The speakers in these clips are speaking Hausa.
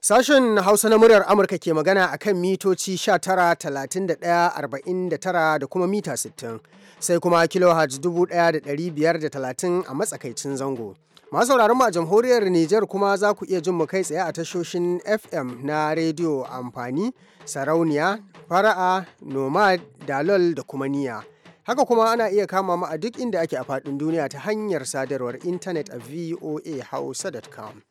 Sashen Hausa na muryar Amurka ke magana a kan mitoci 19,31,49 da kuma mita 60, sai kuma kilohertz 1,530 a matsakaicin zango. Masu sauraron mu a jamhuriyar Nijar kuma za ku iya jin mu kai tsaye a tashoshin FM na rediyo amfani, sarauniya, fara'a, nomad, dalol da kuma niya. Haka kuma ana iya kama mu a duk inda ake a faɗin duniya ta hanyar sadarwar intanet a voahausa.com.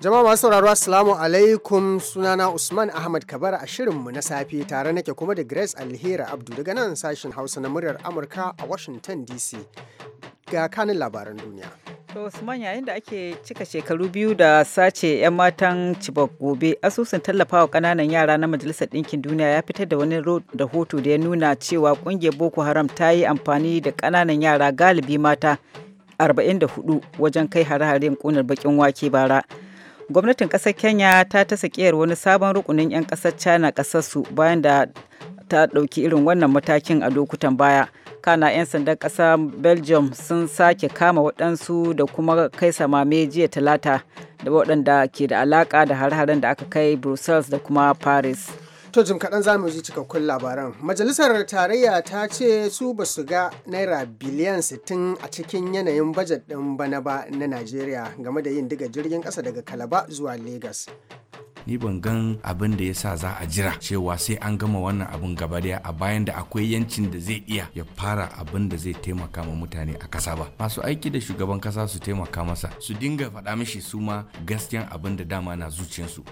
jama masu sauraro Assalamu alaikum sunana Usman Ahmad Kabara a shirinmu na safe tare nake kuma da Grace Alhera Abdu daga nan sashen Hausa na muryar Amurka a Washington DC. Ga kanin labaran duniya. To Usman yayin da ake cika shekaru biyu da sace 'yan matan Chibok gobe, asusun tallafa wa kananan yara na Majalisar Ɗinkin Duniya ya fitar da wani rahoto da ya nuna cewa ƙungiyar Boko Haram ta yi amfani da kananan yara galibi mata 44 wajen kai hare-haren ƙunar bakin wake bara. Gwamnatin ƙasar Kenya ta ta sakiyar wani sabon rukunin 'yan ƙasar China ƙasarsu bayan da ta ɗauki irin wannan matakin a lokutan baya. kana 'yan sandan ƙasa belgium sun sake kama waɗansu da kuma kai samame jiya talata da waɗanda ke da alaƙa da har-haren da aka kai brussels da kuma paris To jim kaɗan za mu ji cikakkun labaran. Majalisar Tarayya ta ce su ba su ga Naira biliyan 60 a cikin yanayin bajet ɗin bana ba na Najeriya game da yin diga jirgin ƙasa daga Kalaba zuwa Legas. ni ban gan abin da yasa za a jira cewa sai an gama wannan abin gaba daya a bayan da akwai yancin da zai iya ya fara abin da zai taimaka ma mutane a kasa ba masu aiki da shugaban kasa su taimaka masa su dinga faɗa mishi su ma gaskiyan abin da dama na zuciyarsu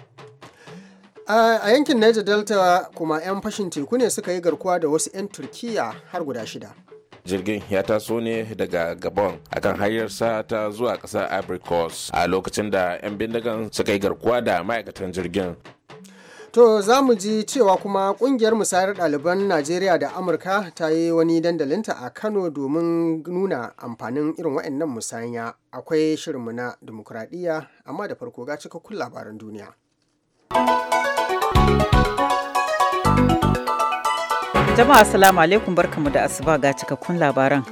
a yankin Niger Delta kuma 'yan fashin teku ne suka yi garkuwa da wasu 'yan Turkiya har guda shida. jirgin ya taso ne daga gabon akan hanyarsa ta zuwa ƙasar abricos a lokacin da 'yan bindigan suka yi garkuwa da ma'aikatan jirgin To za mu ji cewa kuma kungiyar musayar ɗaliban Najeriya da Amurka ta yi wani dandalinta a Kano domin nuna amfanin irin waɗannan musanya. Akwai shirin mu na dimokuraɗiyya amma da farko ga cikakkun labaran duniya. Jama'a Assalamu alaikum barkamu da asuba ga cikakkun labaran.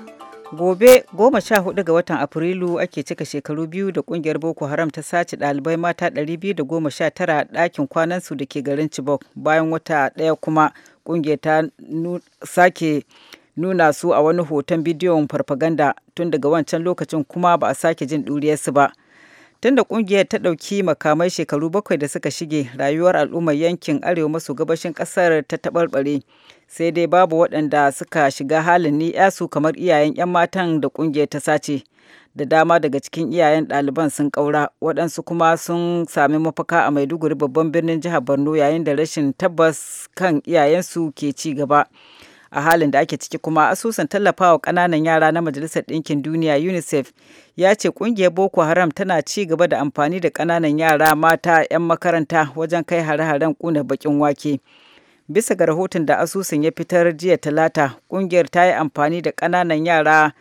Gobe goma sha hudu ga watan Afrilu ake cika shekaru biyu da kungiyar Boko Haram ta sace dalibai mata ɗari da goma sha tara 219 ɗakin su da ke garin Chibok bayan wata ɗaya kuma kungiyar ta sake nuna su a wani hoton bidiyon farfaganda tun daga wancan lokacin kuma ba a sake jin ɗuriyarsu ba. Tunda kungiyar ta ɗauki makamai shekaru bakwai da suka shige, rayuwar al'ummar yankin arewa maso gabashin ƙasar ta taɓarɓare. Sai dai babu waɗanda suka shiga halin ni yasu kamar iyayen 'yan matan da kungiyar ta sace. Da dama daga cikin iyayen ɗaliban sun ƙaura, waɗansu kuma sun sami mafaka a Maiduguri babban birnin jihar Borno yayin da rashin tabbas kan iyayensu ke ci gaba. a halin da ake ciki kuma asusun tallafawa ƙananan yara na majalisar ɗinkin duniya unicef ya ce ƙungiyar boko haram tana ci gaba da amfani da ƙananan yara mata 'yan makaranta wajen kai hare-haren ƙuna baƙin wake bisa ga rahoton da asusun ya fitar jiya talata ƙungiyar ta yi amfani da ƙananan yara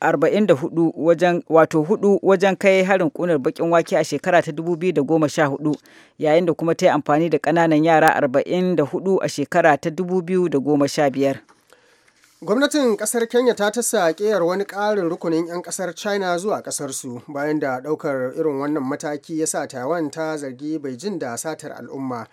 44 wajen wato hudu wajen kai harin kunar bakin wake a shekara ta 2014 yayin da kuma ta yi amfani da kananan yara 44 a shekara ta 2015 Gwamnatin kasar Kenya ta tasa ƙeyar wani ƙarin rukunin 'yan kasar China zuwa ƙasarsu bayan da ɗaukar irin wannan mataki ya sa Taiwan ta zargi Beijing da satar al'umma.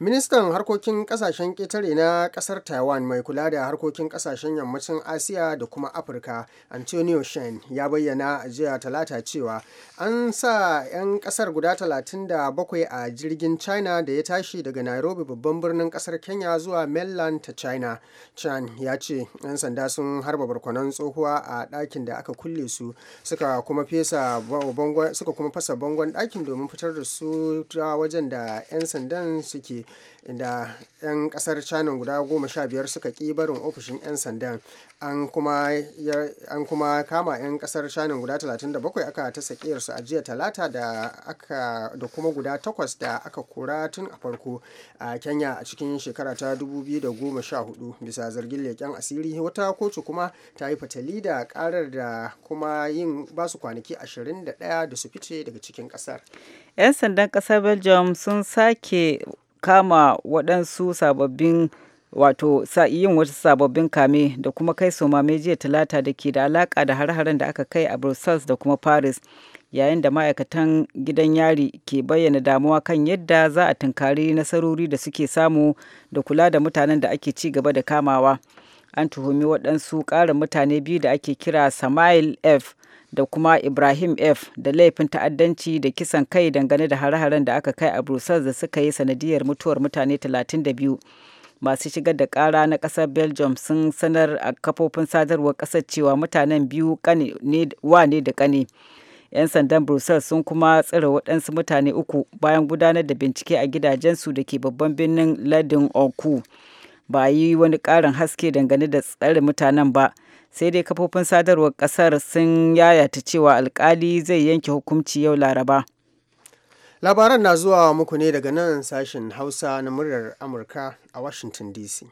ministan harkokin kasashen ƙetare na ƙasar taiwan mai kula da harkokin kasashen yammacin asiya da kuma afirka antonio shen ya bayyana a jiya talata cewa an sa 'yan ƙasar guda 37 a jirgin china da ya tashi daga nairobi babban birnin ƙasar kenya zuwa mainland ta china chan ya ce 'yan sanda sun harba barkwanon tsohuwa a ɗakin da aka kulle su suka kuma suka kuma fasa bangon ɗakin domin fitar da su ta wajen da 'yan sandan suke inda 'yan kasar china guda goma sha biyar suka ki barin ofishin 'yan sandan an kuma kama 'yan kasar china guda bakwai aka ta sakiyarsu a jiya talata da kuma guda takwas da aka kura tun a farko a kenya a cikin shekara ta 2014 bisa zargin leƙen asiri wata kotu kuma ta yi fatali da karar da kuma yin basu kwanaki 21 da su fice daga cikin kasar 'yan sandan kasar belgium sun sake kama waɗansu sababbin wato yin wasu sababbin kame da kuma kai somame jiya talata da ke da alaka da har-haren da aka kai a brussels da kuma paris yayin da ma'aikatan gidan yari ke bayyana damuwa kan yadda za a tunkari nasarori da suke samu da kula da mutanen da ake ci gaba da kamawa an tuhumi waɗansu ƙarin mutane biyu da ake kira samail f da kuma Ibrahim F da laifin ta'addanci da kisan kai dangane da hare-haren da aka kai a Brussels da suka yi sanadiyar mutuwar mutane 32. Masu shigar da kara na ƙasar Belgium sun sanar a kafofin sadarwar ƙasar cewa mutanen biyu wa ne da ƙane. 'Yan sandan Brussels sun kuma tsira waɗansu mutane uku bayan gudanar da bincike a gidajensu da ke babban birnin Ladin Oku. Ba yi wani ƙarin haske dangane da tsare mutanen ba. sai dai kafofin sadarwar kasar sun yayata cewa alkali zai yanke hukunci yau laraba labaran na zuwa muku ne daga nan sashen hausa na muryar amurka a washington dc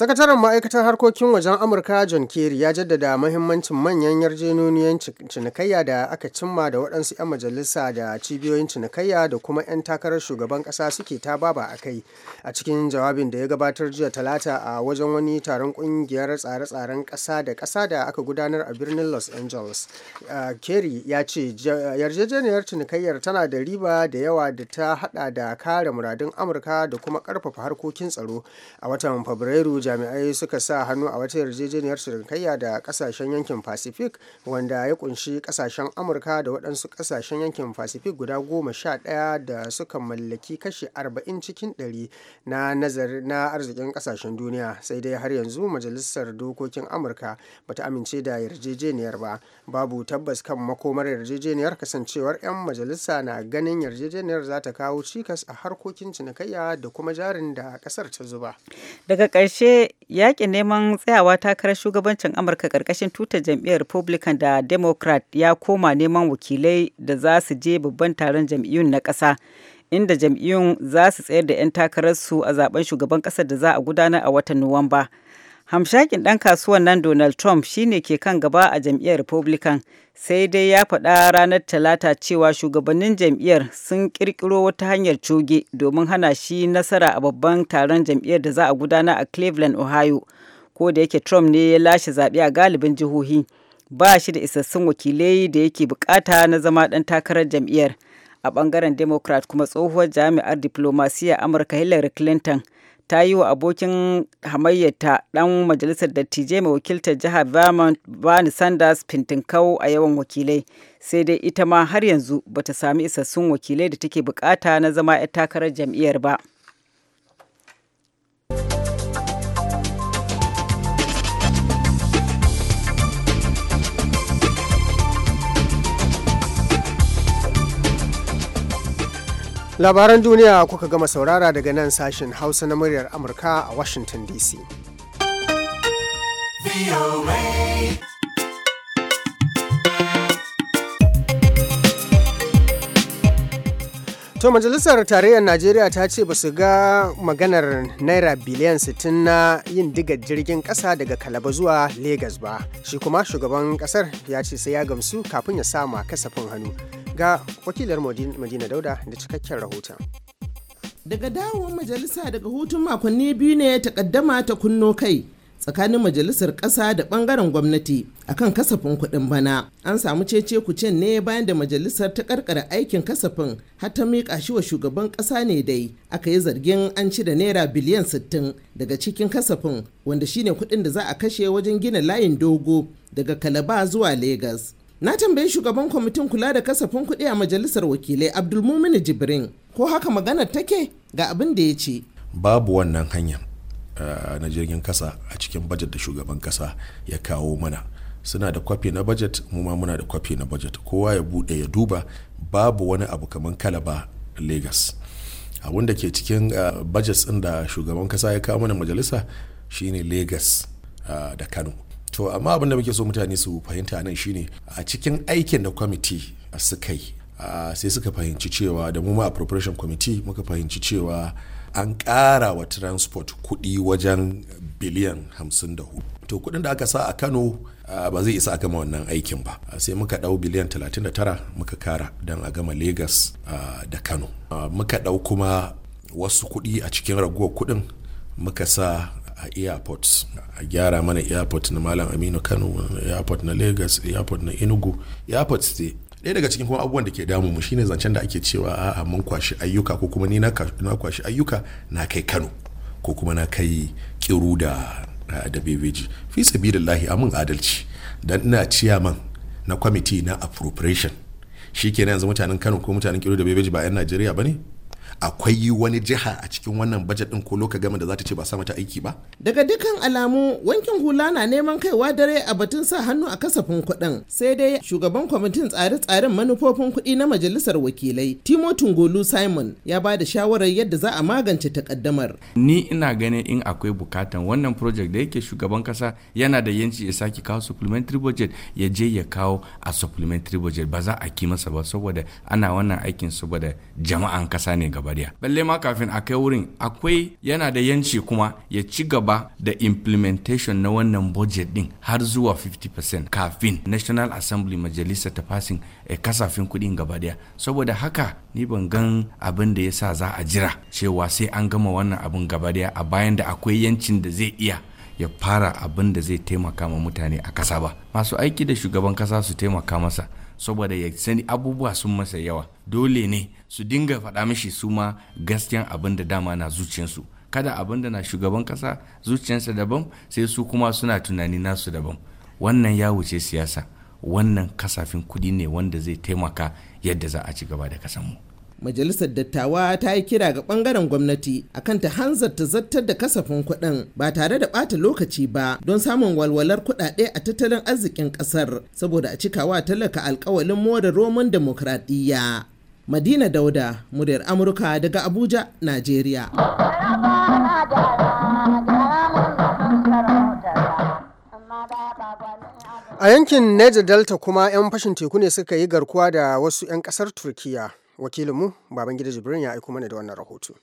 Sakataren ma'aikatar harkokin wajen Amurka John Kerry ya jaddada mahimmancin manyan yarjejeniyoyin cinikayya da aka cimma da waɗansu 'yan majalisa da cibiyoyin cinikayya da kuma 'yan takarar shugaban ƙasa suke ta baba a kai a cikin jawabin da ya gabatar jiya talata a wajen wani taron ƙungiyar tsare-tsaren ƙasa da ƙasa da aka gudanar a birnin Los Angeles. Kerry ya ce yarjejeniyar cinikayyar tana da riba da yawa da ta haɗa da kare muradun Amurka da kuma ƙarfafa harkokin tsaro a watan Fabrairu jami'ai suka sa hannu a wata yarjejeniyar cinikayya da kasashen yankin pacific wanda ya kunshi kasashen amurka da waɗansu kasashen yankin pacific guda goma sha ɗaya da suka mallaki kashi arba'in cikin ɗari na nazari na arzikin kasashen duniya sai dai har yanzu majalisar dokokin amurka ba ta amince da yarjejeniyar ba babu tabbas kan makomar yarjejeniyar kasancewar 'yan majalisa na ganin yarjejeniyar za ta kawo cikas a harkokin cinikayya da kuma jarin da ƙasar ta zuba daga ƙarshe ƙarshe yakin neman tsayawa takarar shugabancin Amurka ƙarƙashin tutar jam'iyyar Republican da Democrat ya koma neman wakilai da za su je babban taron jam'iyyun na ƙasa. Inda jam'iyyun za su tsayar da 'yan takararsu a zaben shugaban ƙasar da za a gudanar a watan Nuwamba. hamshakin ɗan kasuwan nan donald trump shine ke kan gaba a jam'iyyar republican sai dai ya faɗa ranar talata cewa shugabannin jam'iyyar sun ƙirƙiro wata hanyar coge domin hana shi nasara a babban taron jam'iyyar da za a gudana a cleveland ohio ko da yake trump ne ya lashe zaɓe a galibin jihohi ba shi da isassun wakilai da yake bukata na zama ɗan takarar jam'iyyar a ɓangaren democrat kuma tsohuwar jami'ar diplomasiyya amurka hillary clinton ta yi wa abokin hamayyata ɗan majalisar dattijai mai wakiltar jihar vermont bernie sanders fintinkau a yawan wakilai sai dai ita ma har yanzu bata sami isassun wakilai da take bukata na zama 'yar takarar jam'iyyar ba labaran duniya kuka gama saurara daga nan sashen hausa na muryar amurka a washington dc To majalisar tarayyar Najeriya ta ce ba su ga maganar naira biliyan 60 na yin diga jirgin kasa daga Kalaba zuwa Legas ba. Shi kuma shugaban kasar ya ce sai ya gamsu kafin ya sama kasafin hannu. Ga wakilar Madina Dauda da cikakken rahoton. Daga dawowar majalisa daga hutun makonni biyu ne kaddama ta kunno kai tsakanin majalisar ƙasa da ɓangaren gwamnati akan kasafin kuɗin bana. An samu cece kucen ne bayan da majalisar ta karkara aikin kasafin har ta miƙa shi wa shugaban ƙasa ne dai aka yi zargin an cire naira biliyan 60 daga cikin kasafin wanda shine kuɗin da za a kashe wajen gina layin dogo daga Kalaba zuwa Legas. na tambayi shugaban kwamitin kula da kasafin kuɗi a majalisar wakilai abdulmumin jibrin ko haka maganar take ga abin da ya ce babu wannan hanya na jirgin kasa a cikin bajet da shugaban kasa ya kawo mana suna da kwafi na bajet mu ma muna da kwafi na bajet kowa ya bude ya duba babu wani abu kamar kalaba lagos abin da ke cikin bajet ɗin da shugaban kasa ya kawo mana majalisa shine lagos da kano to amma abin da muke so mutane su fahimta nan shine a cikin aikin da kwamiti suka yi sai suka fahimci cewa da mu ma appropriation committee muka fahimci cewa an ƙara wa transport kuɗi wajen biliyan 54 to kuɗin da aka sa a kano ba zai isa a gama wannan aikin ba sai muka ɗau biliyan 39 muka kara don a gama lagos da kano muka ɗau kuma wasu kuɗi a cikin raguwar kuɗin muka sa a airport a gyara mana airport na malam aminu kano airport na lagos airport na enugu airport dai ɗaya daga cikin kuma abubuwan da ke damu mu shine zancen da ake cewa a mun kwashi ayyuka ko kuma ni na kwashi ayyuka na kai kano ko kuma na kai kiru da da bebeji fi sabilillahi amin adalci dan ina ciyaman na kwamiti na appropriation shikenan yanzu mutanen kano ko mutanen kiru da bebeji ba 'yan najeriya ba ne akwai wani jiha a cikin wannan bajet din ko loka gama da za ta ce ba sa mata aiki ba daga dukkan alamu wankin hula na neman kaiwa dare a batun sa hannu a kasafin kuɗin sai dai shugaban kwamitin tsare-tsaren manufofin kuɗi na majalisar wakilai timotin golu simon ya ba da shawarar yadda za a magance takaddamar ni ina ganin in akwai bukatan wannan project da yake shugaban kasa yana da yanci ya sake kawo supplementary budget ya je ya kawo a supplementary budget ba za a ki masa ba saboda ana wannan aikin saboda jama'an kasa ne ga kabariya balle ma kafin a kai wurin akwai yana da yanci kuma ya ci gaba da implementation na wannan budget din har zuwa 50% kafin national assembly majalisa ta fasin e, eh, kasafin kudin gabadaya saboda haka ni ban gan abin da ya sa za a jira cewa sai an gama wannan abin daya a bayan da akwai yancin da zai iya ya fara abin da zai taimaka ma mutane a kasa ba masu aiki da shugaban kasa su taimaka masa saboda ya sani abubuwa sun masa yawa dole ne su dinga faɗa mishi su ma gaskiyan abin da dama na zuciyarsu kada abin da na shugaban ƙasa zuciyarsa daban sai su kuma suna tunani nasu daban wannan ya wuce siyasa wannan kasafin kuɗi ne wanda zai taimaka yadda za a ci gaba da kasanmu. mu majalisar dattawa ta yi kira ga bangaren gwamnati akan ta hanzarta zartar da kasafin kuɗin ba tare da ɓata lokaci ba don samun walwalar kuɗaɗe a tattalin arzikin ƙasar saboda a cikawa talaka alkawalin more roman demokradiyya madina dauda muryar amurka daga abuja najeriya a yankin niger delta kuma 'yan fashin teku ne suka yi garkuwa da wasu 'yan kasar turkiya wakilinmu babangida jibrin ya aiko mana da wannan rahoto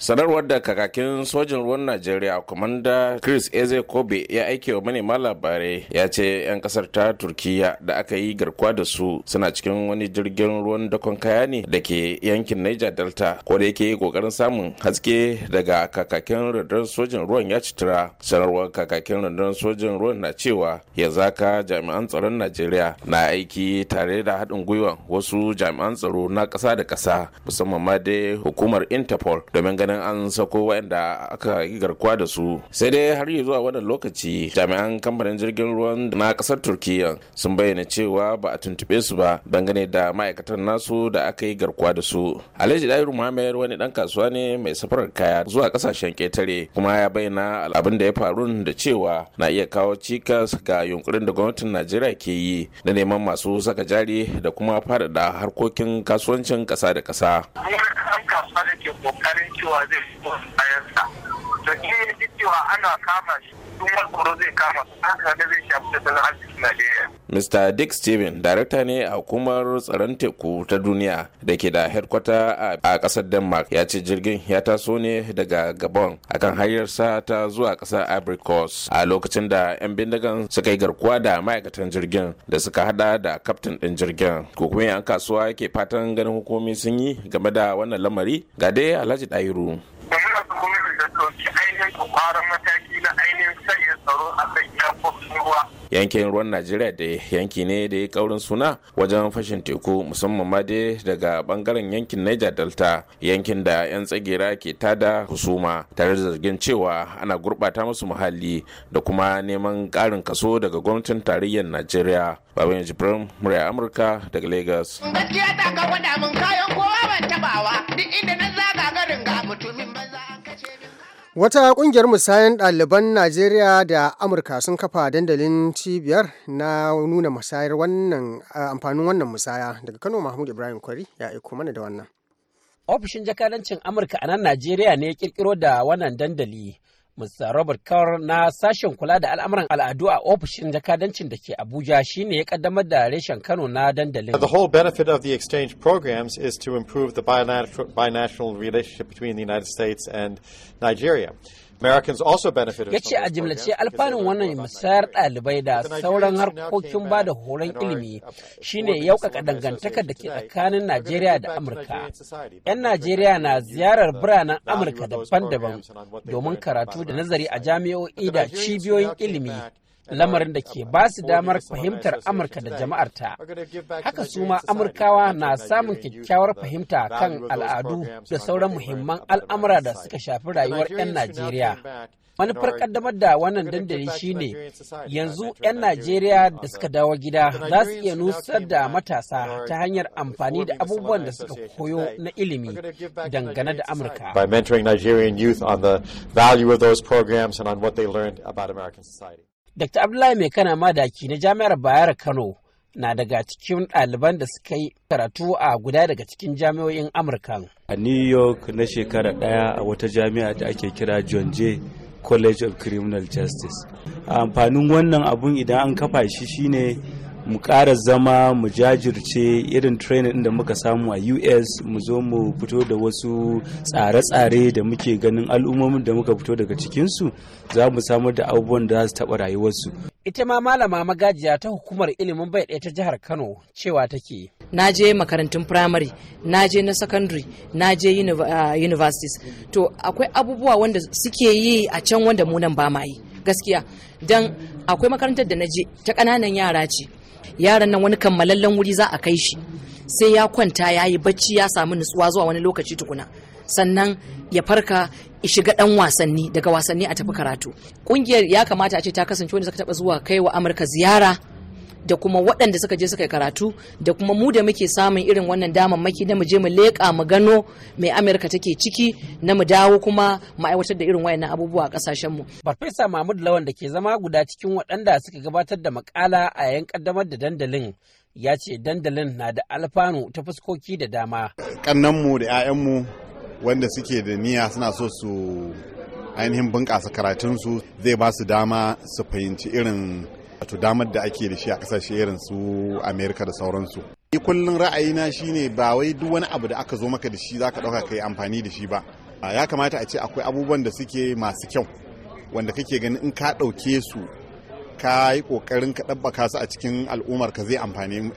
sanarwar da kakakin sojin ruwan najeriya kwamanda chris eze kobe ya aike wa manema labarai ya ce 'yan kasar ta turkiya da aka yi garkuwa da su suna cikin wani jirgin ruwan dakon kaya ne da ke yankin niger delta ko da yake kokarin samun haske daga kakakin rundunar sojin ruwan ya citira sanarwar kakakin rundunar sojin ruwan na cewa ya zaka jami'an tsaron najeriya na aiki tare da haɗin gwiwa wasu jami'an tsaro na ƙasa da ƙasa musamman ma dai hukumar interpol domin ganin ganin an sako waɗanda aka yi garkuwa da su sai dai har yi zuwa wannan lokaci jami'an kamfanin jirgin ruwan na kasar turkiya sun bayyana cewa ba a tuntuɓe su ba dangane da ma'aikatan nasu da aka yi garkuwa da su alhaji dairu muhammed wani dan kasuwa ne mai safarar kaya zuwa ƙasashen ketare kuma ya bayyana abin da ya faru da cewa na iya kawo cikas ga yunkurin da gwamnatin najeriya ke yi da neman masu saka jari da kuma faɗaɗa harkokin kasuwancin ƙasa da ƙasa. kasuwa da ke ƙoƙarin cewa cewa zai bayan sa to shi ya cewa ana kama shi Mr. Dick Steven, darakta ne a hukumar tsaron teku ta duniya da ke da herkwata a kasar Denmark, ya ce jirgin ya taso ne daga Gabon akan hanyarsa ta zuwa kasar Ivory Coast a lokacin da 'yan bindigan suka yi garkuwa da ma'aikatan jirgin da suka hada da kaftin ɗin jirgin. Ko yan kasuwa ke fatan ganin hukumi sun yi game da wannan lamari ga dai Alhaji Dairu. Gwamnati kuma da ainihin mataki na tsaro a kan yankin ruwa yankin ruwan najeriya da yanki ne da ya kaurin suna wajen fashin teku musamman ma dai daga bangaren yankin niger delta yankin da 'yan tsagera ke tada husuma tare da zargin cewa ana gurbata musu muhalli da kuma neman karin kaso daga gwamnatin tarayyar najeriya baban ya murya amurka daga lagos gaskiya ta ga wada mun kayan kowa ban tabawa duk inda na zaga garin ga mutumin Wata ƙungiyar musayan ɗaliban Najeriya da Amurka sun kafa dandalin cibiyar na nuna musayar wannan amfanin wannan musaya daga Kano Mahmud Ibrahim Kwari ya aiko mana da wannan. Ofishin jakadancin Amurka a nan Najeriya ne ya kirkiro da wannan dandali Mr. Robert na sashen kula da al'amuran al'adu a ofishin jakadancin da ke Abuja shine ya kaddamar da reshen Kano na dandalin. The whole benefit of the exchange programs is to improve the bilateral binational relationship between the United States and Nigeria. Ya ce a jimlace alfanun wannan musayar ɗalibai da sauran harkokin ba da horon ilimi shine yaukaka dangantakar da ke tsakanin Najeriya da Amurka. 'Yan Najeriya na ziyarar biranen Amurka daban-daban domin karatu da nazari a jami'o'i da cibiyoyin ilimi lamarin da ke ba su damar fahimtar amurka da jama'arta haka suma amurkawa na samun kyakkyawar fahimta kan al'adu da sauran muhimman al'amura da suka shafi rayuwar 'yan najeriya manufar kaddamar da wannan dandali shine yanzu 'yan najeriya da suka dawo gida za su iya nusar da matasa ta hanyar amfani da abubuwan da suka koyo na ilimi dangane da amurka by mentoring nigerian youth on the value of those programs and on what they learned about american society Dr. Abdullahi Mai Kana Madaki na Jami'ar Bayar Kano na daga cikin ɗaliban da suka yi karatu a guda daga cikin jami'o'in Amurka. A New York na shekara ɗaya a wata jami'a da ake kira John Jay College of Criminal Justice. Amfanin wannan abun idan an kafa shi shine mu kara zama mu jajirce irin training in da muka samu a us mu zo mu fito da wasu tsare-tsare da muke ganin al'ummomin da muka fito daga cikinsu za mu samar da abubuwan da za su taɓa rayuwarsu ita ma malama magajiya ta hukumar ilimin bai ɗaya ta jihar kano cewa take na je makarantun primary na je na secondary na je ah, universities to akwai abubuwa wanda suke yi a can wanda mu nan ba ma yi gaskiya don akwai makarantar da na ta kananan yara ce yaran nan wani kammalallen wuri za a kai shi sai ya kwanta ya yi bacci ya samu nutsuwa zuwa wani lokaci tukuna sannan ya farka ya shiga dan wasanni daga wasanni a tafi karatu Ƙungiyar ya kamata a ce ta kasance wanda suka taba zuwa kai wa amurka ziyara da kuma waɗanda suka je suka karatu da kuma mu da muke samun irin wannan damar maki na mu je mu leƙa mu gano mai amurka take ciki na mu dawo kuma mu aiwatar da irin wayannan abubuwa a ƙasashen mu farfesa mahmud lawan da ke zama guda cikin waɗanda suka gabatar da makala a yayin kaddamar da dandalin ya ce dandalin na da alfanu ta fuskoki da dama mu da mu wanda suke da niyya suna so su ainihin bunƙasa karatunsu zai ba su dama su fahimci irin wato damar da ake da shi a kasashe irin su amerika da sauransu ni kullum ra'ayina shine ba wai duk wani abu da aka zo maka da shi zaka dauka kai amfani da shi ba ya kamata a ce akwai abubuwan da suke masu kyau wanda kake ganin in ka ɗauke su ka yi kokarin ka ɗabbaka su a cikin al'ummar ka zai amfani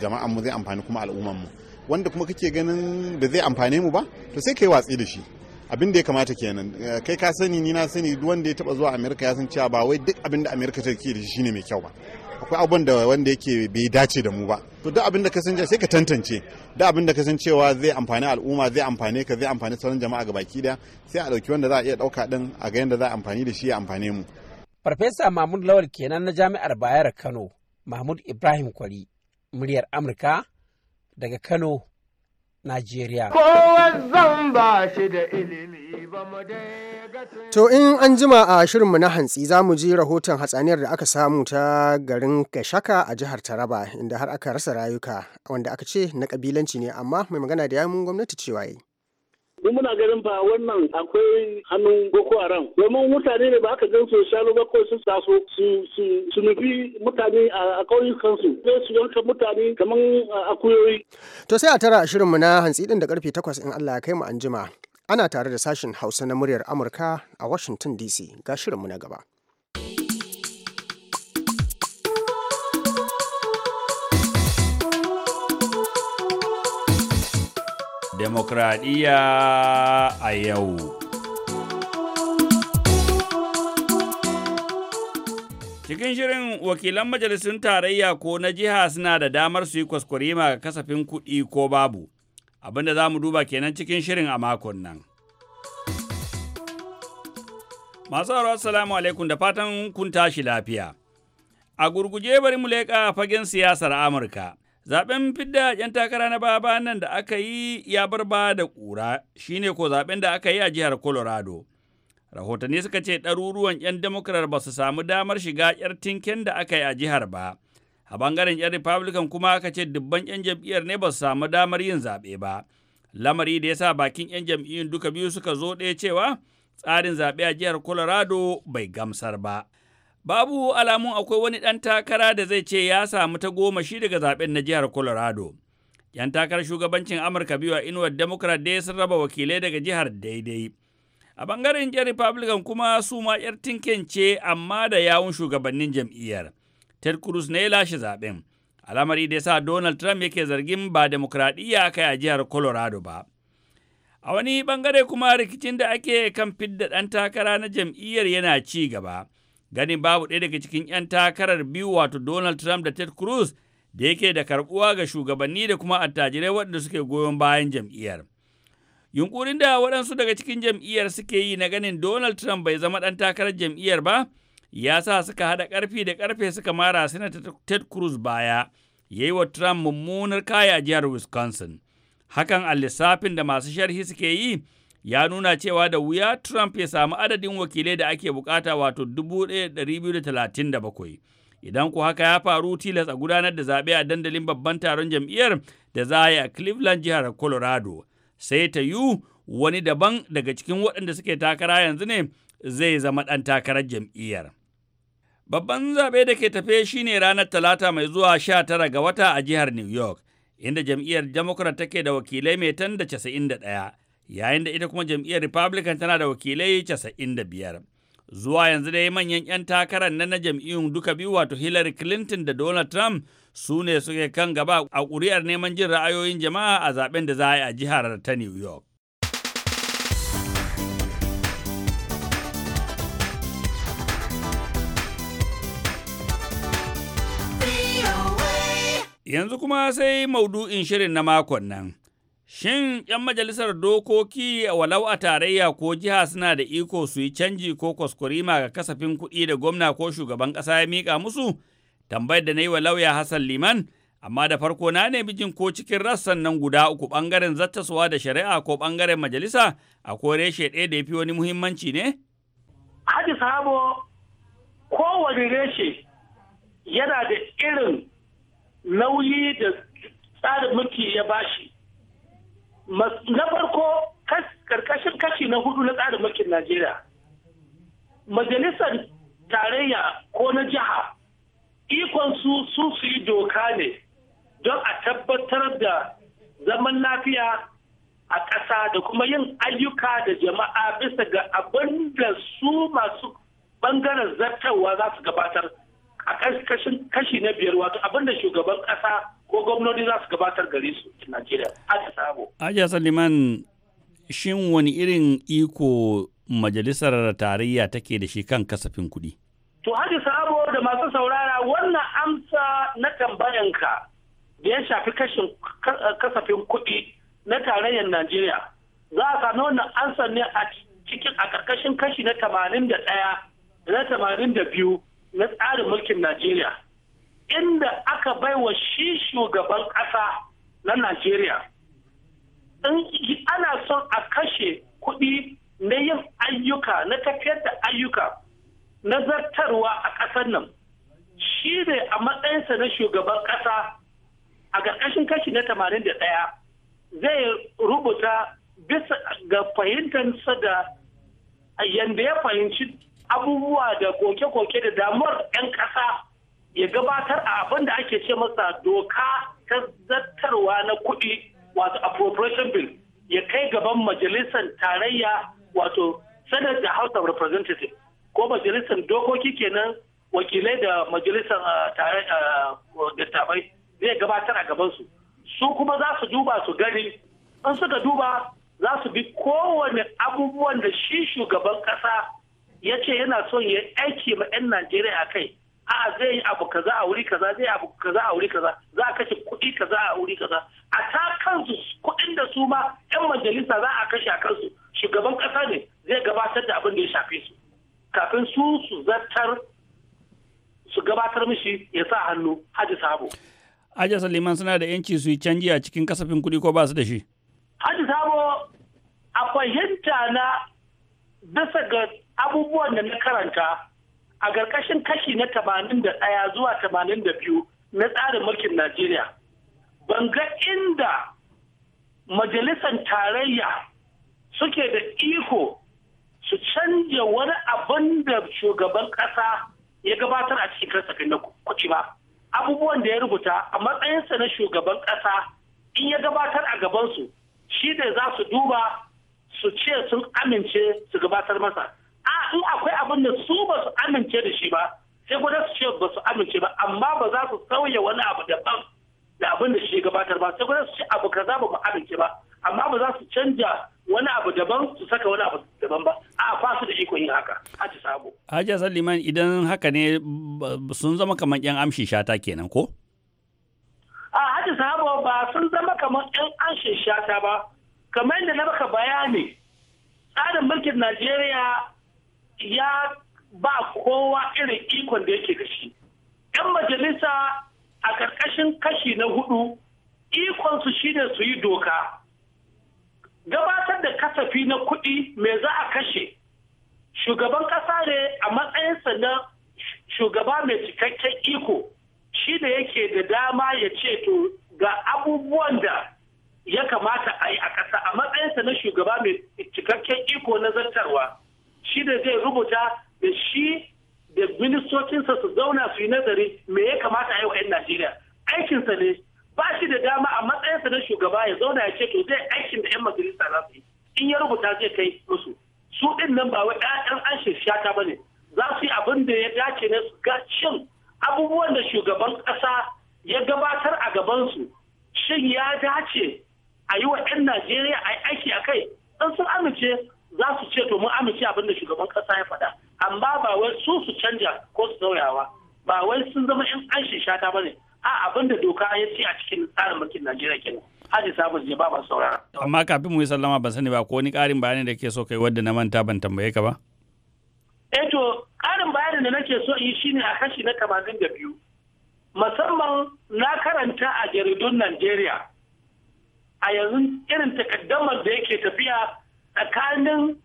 jama'an mu zai amfani kuma al'ummar mu wanda kuma kake ganin da zai amfane mu ba to sai ka yi watsi da shi abin da ya kamata kenan eh, kai ka sani ni na sani duk wanda ya taba zuwa amerika ya san cewa ba wai duk abin da amerika ke da shi shine mai kyau ba akwai abin da wanda yake bai dace da mu ba to duk abin da ka san cewa sai ka tantance duk abin da ka san cewa zai amfani al'umma zai amfane ka zai amfani sauran jama'a ga baki daya sai a dauki wanda za a iya dauka din a ga yanda za a amfani da shi ya amfane mu farfesa mahmud lawal kenan na jami'ar bayar kano mahmud ibrahim kwari muryar amurka daga kano Najeriya. zan da ilimi To in an jima a shirinmu na hantsi za mu ji rahoton hatsaniyar da aka samu ta garin Kashaka a jihar Taraba inda har aka rasa rayuka wanda aka ce na kabilanci ne amma mai magana da yamun gwamnati cewa yi. Mun muna ganin ba wannan akwai hannun Boko Haram. Domin mutane ne ba aka gan su shanu ba ko sun taso su nufi mutane a ƙauyukansu. Sai su yanka mutane kamar akuyoyi. To sai a tara shirinmu na hantsi ɗin da karfe takwas in Allah ya kai mu anjima. Ana tare da sashen Hausa na muryar Amurka a Washington DC ga shirinmu na gaba. demokradiyya a yau. Cikin shirin wakilan majalisun tarayya ko na jiha suna da damar su yi kwaskwari ga kasafin kuɗi ko babu, abinda za mu duba kenan cikin shirin a makon nan. Masu haro assalamu alaikum da fatan kun tashi lafiya. A gurguje bari mu leƙa fagen siyasar Amurka. Zaben fidda 'yan takara na baba nan da aka yi ya bar ba da ƙura shine ko zaben da aka yi a jihar Colorado. Rahotanni suka ce ɗaruruwan 'yan Democrat ba su samu damar shiga 'yar tinken da aka yi a jihar ba. A bangaren 'yan Republican kuma aka ce dubban 'yan jam'iyyar ne ba su samu damar yin zaɓe ba. Lamari da ya sa bakin 'yan jam'iyyun duka biyu suka zo ɗaya cewa tsarin zaɓe a jihar Colorado bai gamsar ba. Babu alamun akwai wani ɗan takara da zai ce ya samu ta goma shi daga zaben na jihar Colorado. 'Yan takarar shugabancin Amurka biyu a inuwar Democrat ya sun raba wakilai daga jihar daidai. A bangaren yan Republican kuma su ma 'yar tinken ce amma da yawun shugabannin jam'iyyar. Ted Cruz ne ya lashe zaben. Al'amari da sa Donald Trump yake zargin ba demokradiyya kai a jihar Colorado ba. A wani bangare kuma rikicin da ake kan fidda ɗan takara na jam'iyyar yana ci gaba. ganin babu ɗaya daga cikin 'yan takarar biyu wato Donald Trump da Ted Cruz da yake da karbuwa ga shugabanni da kuma attajirai waɗanda suke goyon bayan jam'iyyar. Yunkurin da waɗansu daga cikin jam'iyyar suke yi na ganin Donald Trump bai zama ɗan takarar jam'iyyar ba, ya sa suka haɗa ƙarfi da ƙarfe suka mara Sanata Ted Cruz baya, ya yi wa Trump mummunar kaya a jihar Wisconsin. Hakan a lissafin da masu sharhi suke yi, ya nuna cewa da wuya Trump ya samu adadin wakilai da ake bukata wato 1,237. Idan ku haka ya faru tilas a gudanar da zaɓe a dandalin babban taron jam'iyyar da za a yi a Cleveland jihar Colorado. Sai ta yi wani daban daga cikin waɗanda suke takara yanzu ne zai zama ɗan takarar jam'iyyar. Babban zaɓe da ke tafe shine ranar Talata mai zuwa sha tara ga wata a jihar New York, inda jam'iyyar Democrat take da wakilai mai tanda da 91. yayin da ita kuma jam'iyyar Republican tana da wakilai casa'in da biyar. Zuwa yanzu dai manyan 'yan takarar na na jam'iyyun duka biyu wato Hillary Clinton da Donald Trump su ne suke kan gaba a ƙuri'ar neman jin ra'ayoyin jama'a a zaben da za a yi a jihar ta New York. Yanzu kuma sai maudu'in shirin na makon nan. Shin ‘yan majalisar dokoki walau a tarayya ko jiha suna da iko su yi canji ko kwaskwarima ga kasafin kuɗi da gwamna ko shugaban ƙasa ya miƙa musu? Tambayar da na yi wa lauya Hassan Liman, amma da farko na nemi jin ko cikin rassan nan guda uku ɓangaren zattasuwa da shari'a ko ɓangaren majalisa a akwai reshe ɗaya da ya fi wani muhimmanci ne? Haji Sabo, kowane reshe yana da irin nauyi da tsarin mulki ya bashi. na farko karkashin kashi na hudu na tsarin mulkin najeriya majalisar tarayya ko na jiha ikon su su su yi doka ne don a tabbatar da zaman lafiya a ƙasa da kuma yin ayyuka da jama'a bisa ga abin da su masu bangaren zartarwa za su gabatar a kashin kashi na biyar wato abin da shugaban ƙasa ko gwamnoni za su gabatar gare su Najeriya a sabo. Liman Saliman shin wani irin iko majalisar tarayya take da shi kan kasafin kuɗi? To Haji Sabo da masu saurara wannan amsa na tambayanka da ya shafi kashin kasafin kuɗi na tarayyar Najeriya za a sami wannan amsa ne a cikin a ƙarƙashin kashi na tamanin da ɗaya da na tamanin da biyu na tsarin mulkin Najeriya. inda aka baiwa shi shugaban ƙasa na Najeriya. Ana son a kashe kuɗi na yin ayyuka, na tafiyar da ayyuka, na zartarwa a ƙasar nan. Shi ne a matsayinsa na shugaban ƙasa a ƙarƙashin kashi na 81 zai rubuta bisa ga fahimtarsa da yadda ya fahimci abubuwa da koke-koke da damuwar 'yan ƙasa. ya gabatar a abin da ake ce masa doka ta zartarwa na kuɗi wato appropriation bill ya kai gaban majalisar tarayya wato senate da house of representatives ko majalisar dokoki kenan wakilai da majalisar ah, ah, tabai zai gabatar a gabansu su kuma za su duba su gani in suka duba za su bi kowane abubuwan da shi shugaban kasa ya ce yana son ya aiki ma 'yan najeriya a kai a zai yi abu kaza a wuri kaza zai abu kaza a wuri kaza za a kashe kuɗi kaza a wuri kaza a ta kansu kuɗin da su ma yan majalisa za a kashe a kansu shugaban ƙasa ne zai gabatar da abin da ya shafe su kafin su su zartar su gabatar mishi ya sa hannu haji sabo Haji Saliman suna da yanci su yi canji a cikin kasafin kuɗi ko ba su da shi? Haji Sabo a fahimta na bisa ga abubuwan da na karanta a ƙarƙashin kashi na tamanin da ɗaya zuwa tamanin da biyu na tsarin mulkin najeriya ban ga inda majalisar tarayya suke da iko su canja wani abin da shugaban ƙasa ya gabatar a cikin kasafin na kuci ba abubuwan da ya rubuta a matsayinsa na shugaban ƙasa in ya gabatar a gabansu shi ne za su duba su ce sun amince su gabatar masa a in akwai abin da su ba su amince da shi ba sai kuma su ce ba su amince ba amma ba za su sauya wani abu daban da abin da shi gabatar ba sai kuma su ce abu kaza ba mu amince ba amma ba za su canja wani abu daban su saka wani abu daban ba a fa su da ikon yin haka a ci sabo hajiya saliman idan haka ne sun zama kamar yan amshi shata kenan ko a haji sabo ba sun zama kamar yan amshi shata ba kamar yadda na baka bayani tsarin mulkin najeriya ya ba kowa irin ikon da yake da shi. 'Yan majalisa a ƙarƙashin kashi na hudu ikonsu shi ne su yi doka. Gabatar da kasafi na kuɗi mai za a kashe. Shugaban ƙasa ne a matsayinsa na shugaba mai cikakken iko shi ne yake da dama ya ce to ga abubuwan da ya kamata a yi a ƙasa a matsayinsa na shugaba mai cikakken iko na zartarwa. shi da zai rubuta da shi da ministocinsa su zauna su yi nazari me ya kamata a yi wa 'yan Najeriya aikinsa ne ba shi da dama a matsayinsa na shugaba ya zauna ya ce to zai aikin da 'yan majalisa za su yi in ya rubuta zai kai musu su ɗin nan ba wai 'ya'yan an shata ba ne za su yi abin da ya dace ne su ga shin abubuwan da shugaban ƙasa ya gabatar a gabansu shin ya dace a yi wa 'yan Najeriya a yi aiki a kai in sun amince za su ce to mun amince abin da shugaban kasa ya faɗa amma ba wai su su canja ko su sauyawa ba wai sun zama yan an shata ba ne a abin da doka ya ce a cikin tsarin mulkin Najeriya kenan Haji Sabus je ba ba saurara. Amma kafin mu yi sallama ban sani ba ko wani ƙarin bayani da ke so kai wadda na manta ban tambaye ka ba? Eh to ƙarin bayanin da nake so yi shine a kashi na 82 da biyu. Musamman na karanta a jaridun Najeriya a yanzu irin takaddamar da yake tafiya tsakanin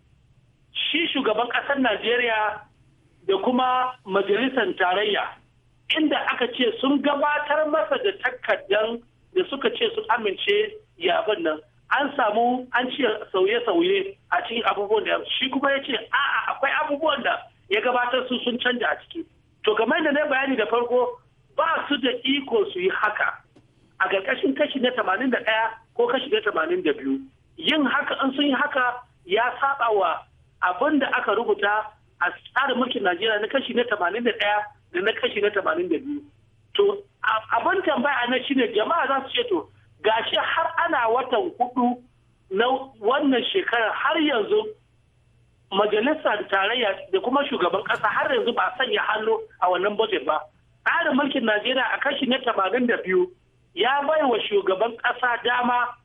shi shugaban ƙasar najeriya da kuma majalisar tarayya inda aka ce sun gabatar masa da takardar da suka ce sun amince yaban nan an samu an ce sauye-sauye a cikin abubuwan da shi kuma ya ce a'a akwai abubuwan da ya gabatar su sun canja a ciki to kamar da na bayani da farko ba su da iko su yi haka a ƙarƙashin kashi na 81 ko kashi na 82 yin haka in sun yi haka ya saba wa abin da aka rubuta a tsarin mulkin najeriya na kashi na tamanin da na kashi na tamanin to abin tambaya na ne jama'a za su ce to gashi har ana watan hudu na wannan shekarar har yanzu majalisar tarayya da kuma shugaban kasa har yanzu ba sanya hannu a wannan budget ba tsarin mulkin najeriya a kashi na tamanin ya bai wa shugaban kasa dama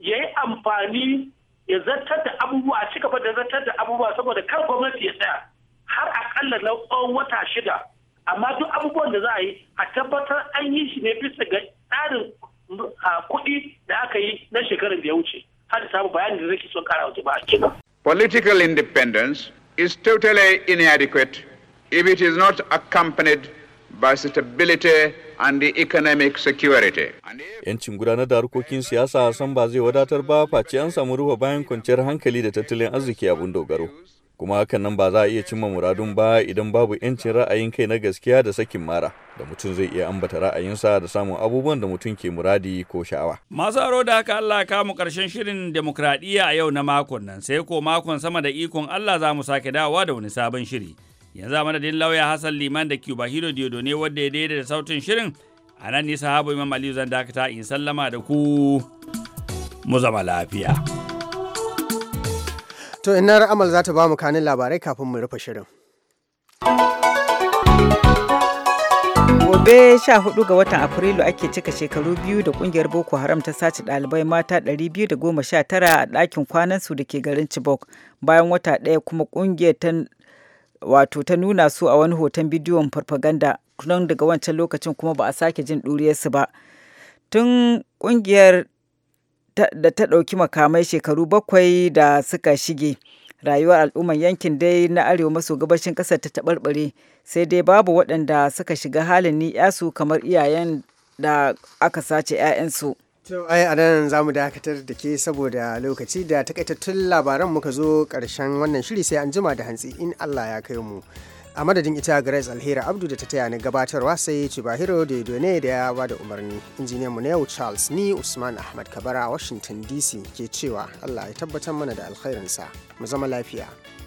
ya yi amfani ya zartar da abubuwa a cigaba da zartar da abubuwa saboda kar gwamnati ya tsaya har akalla na tsawon wata shida amma duk abubuwan da za a yi a tabbatar an yi shi ne bisa ga tsarin kuɗi da aka yi na shekarar da ya wuce har samu bayanin da zai son kara waje ba a kenan. Political independence is totally inadequate if it is not accompanied by stability and economic security. Yancin gudanar da harkokin siyasa san ba zai wadatar ba face an samu ruwa bayan kwanciyar hankali da tattalin arziki abun dogaro. kuma hakan nan ba za a iya cimma muradun ba idan babu yancin ra'ayin kai na gaskiya da sakin mara da mutum zai iya ambata ra'ayinsa da samun abubuwan da mutum ke muradi ko sha'awa. Masu aro da haka Allah ka mu karshen shirin demokradiyya a yau na makon nan sai ko makon sama da ikon Allah za mu sake dawowa da wani sabon shiri. yanzu a madadin lauya hassan liman da cuba hiro diodo ne wadda ya daida da sautin shirin a nan nisa habu imam aliyu zan dakata in sallama da ku mu zama lafiya to ina amal za ta ba mu kanin labarai kafin mu rufe shirin gobe sha hudu ga watan afrilu ake cika shekaru biyu da kungiyar boko haram ta sace dalibai mata biyu da goma sha tara a ɗakin kwanansu da ke garin chibok bayan wata ɗaya kuma kungiyar ta wato ta nuna su a wani hoton bidiyon farfaganda nan daga wancan lokacin kuma ba a sake jin ɗuriyarsu ba tun ƙungiyar da ta ɗauki makamai shekaru bakwai da suka shige rayuwar al'ummar yankin dai na arewa maso gabashin ƙasar ta taɓarɓare sai dai babu waɗanda suka shiga halin ni yasu kamar iyayen da aka sace 'ya'yansu. To ai a nan za mu dakatar da ke saboda lokaci da takaitattun labaran muka zo karshen wannan shiri sai an jima da hantsi in Allah ya kai mu. A madadin ita Grace Alheri Abdu da ta taya ni gabatarwa sai Chibahiro da ne da ya ba da umarni. Injiniyan mu na yau Charles ni Usman Ahmad Kabara Washington DC ke cewa Allah ya tabbatar mana da alkhairinsa. Mu zama lafiya.